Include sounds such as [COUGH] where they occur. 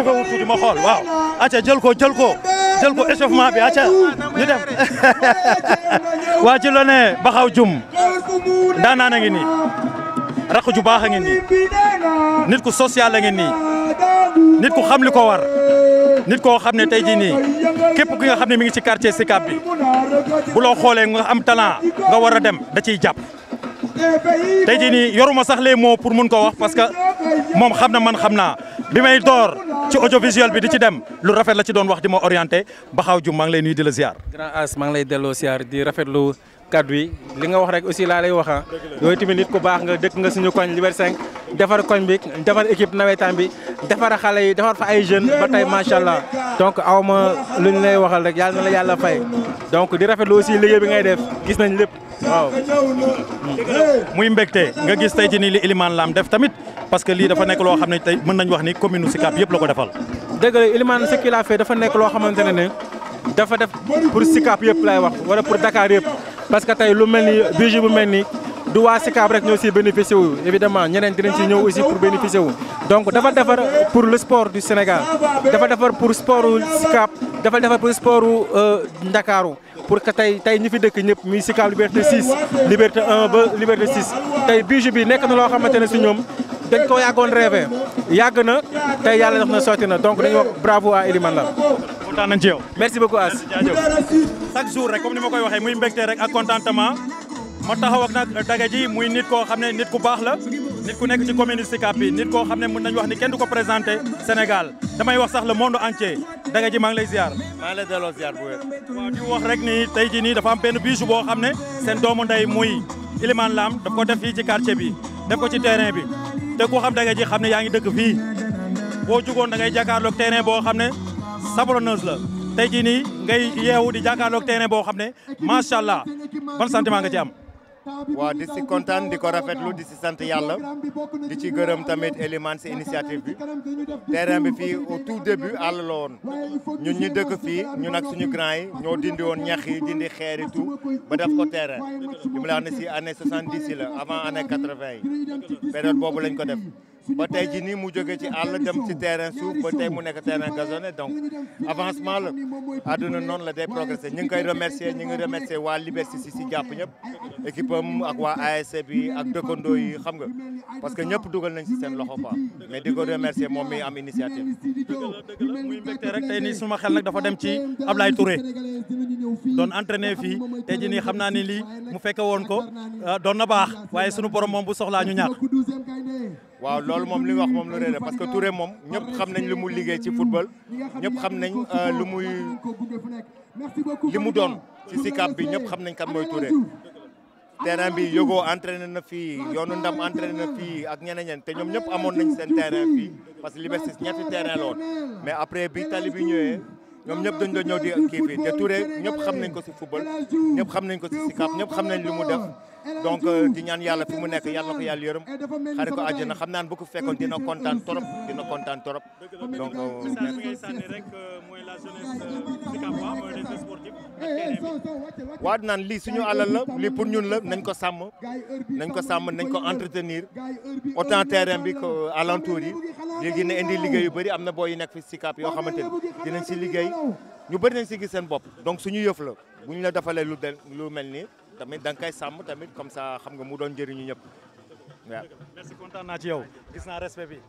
échauffé wu tuuti waaw acca jël ko jël ko jël ko échauffement bi acca ñu dem [LAUGHS] waa ci lone baxaw jum daanaan a ngi nii rakk ju baax a ngi nii nit ku social a ngi nii nit ku xam li ko war nit koo xam ne tey jii nii képp ki nga xam ne mi ngi ci quartier Sicap bi bu loo nga am talent nga war a dem da ciy jàpp tey jii nii yoruma sax les mots pour mun ko wax parce que moom xam na man xam naa bi may door ci audiovisuel bi di ci dem lu rafet la ci doon wax di ma orienté Baxaw Diouf maa ngi lay nuyu di la ziar. grand as maa ngi lay delloo ziar di rafetlu kaddu li nga wax rek aussi laa lay wax ah. yooyu tamit nit ku baax nga dëkk nga suñu koñ Liberté 5 defar koñ bi defar équipe nawetaan bi defar xale yi defar fa ay jeunes ba tey macha allah donc aw ma lu ñu lay waxal rek yàlla na la yàlla fay donc di rafetlu aussi liggéey bi ngay def gis nañ lépp. waaw muy mbégte nga gis tey ci nii li Ilimane Lam def tamit parce que lii dafa nekk loo xam ne tey mën nañu wax ni commune u Sicap yëpp ko defal dëgg la Ilimane ce dafa nekk loo xamante ne ne dafa def pour Sicap yëpp lay wax wala pour dakaar yëpp parce que tey lu mel ni bijou bu mel ni du waa Sicap rek ñoo si bénéficié wu évidemment ñeneen dinañ si ñëw aussi pour bénéficier wu donc dafa defar pour le sport du Sénégal dafa defar pour sport dafa defar pour sportu euh, Ndakaaru pour que tey tey ñi fi dëkk ñëpp muy Sicap Liberté 6 Liberté 1 ba Liberté 6 tey bijou bi nekk na loo xamante ne si ñoom dañ ko yàggoon rêvé na tey yàlla def na sotti na donc dañuy wax bravo à Elimane la kontaan nañ ci yow merci beaucoup As chaque jour rek comme ni ma koy waxee muy mbégte rek a contentement ma taxaw ak nag daga ji muy nit koo xam ne nit ku baax la nit ku nekk ci commune Sicap bi nit ko xam ne mën nañu wax ni kenn du ko présenté Sénégal damay wax sax le monde entier Daga ji maa ngi lay ziar. maa ngi lay delloo ziar bu wér. waaw di wax rek tey jii nii dafa am benn bisu boo xam ne seen doomu ndey muy Ilimane Lam daf ko def fii ci quartier bi def ko ci terrain bi te ku xam Daga ji xam ne yaa ngi dëkk fii boo jugoon da ngay jàkkaarloog terrain boo xam ne sablonneuse la tey jii nii ngay yeewu di jàkkaarloog terrain boo xam ne macha allah ban sentiment nga ci am. waaw di si kontaan di ko rafetlu di si sant yàlla di ci gërëm tamit Elimane si initiative bi terrain bi fii au tout début àll la woon ñun ñu dëkk fii ñun nag suñu grand yi ñoo dindi woon ñax yi dindi xeer yi tout ba def ko terrain li mu la wax ne si année soixante-dix yi la avant année quatre-vingt yi période boobu lañ ko def ba tey ji nii mu jóge ci àll dem ci terrain suuf ba tey mu nekk terrain gazonné donc avancement la àdduna noonu la day progressé ñu ngi koy remercier ñu ngi remercier waa Liberté si si jàpp ñëpp équipe am ak waa ASC e bi ak dëkkandoo yi xam nga parce que ñëpp dugal nañ ci seen loxo quoi mais di ko remercier moom mi am initiative. dëgg la muy mbégte rek tey nii suma xel nag dafa dem ci Ablaye Touré doon entraîné fii tey ji nii xam naa ni lii mu fekke woon ko ah, doon na baax waaye sunu borom moom bu soxlaa ñu ñaar. waaw loolu moom li wax moom lu rëy la parce que Touré moom ñëpp xam nañ lu mu liggéey ci football ñëpp xam nañ euh, lu muy li mu doon ci Sicap bi ñëpp xam nañ kan mooy Touré. terrain bi yogoo entraîné na fii yoonu ndam entraîné na fii ak ñeneen ñeneen te ñoom ñëpp amoon nañ seen terrain fii parce que Liberté ñetti terrain la woon mais après bi tali bi ñëwee. ñoom ñëpp dañ doon ñëw di kii fii te Touré ñëpp xam nañ ko si football ñëpp xam nañ ko si sikap ñëpp xam nañ li mu def donc euh, di ñaan yàlla fi mu nekk yàlla na ko yàlla yërëm xare ko àjjana xam naan bu ko fekkoon dina kontaan trop dina kontaan trop donc euh, euh, waa eh, eh, naan lii suñu alal la lii pour ñun la nañ ko sàmm nañ ko sàmm nañ ko entretenir autant terrain bi que alentour yi léegi dina indi liggéey yu bëri am na booy yu nekk fi Sicap yoo xamante ni dinañ si liggéey ñu bëri nañ si gis seen bopp donc suñu yëf la bu ñu la defalee lu del lu mel nii tamit da nga sàmm tamit comme ça xam nga mu doon njëriñu ñëpp waaw merci kontaan naa ci yow gis naa respect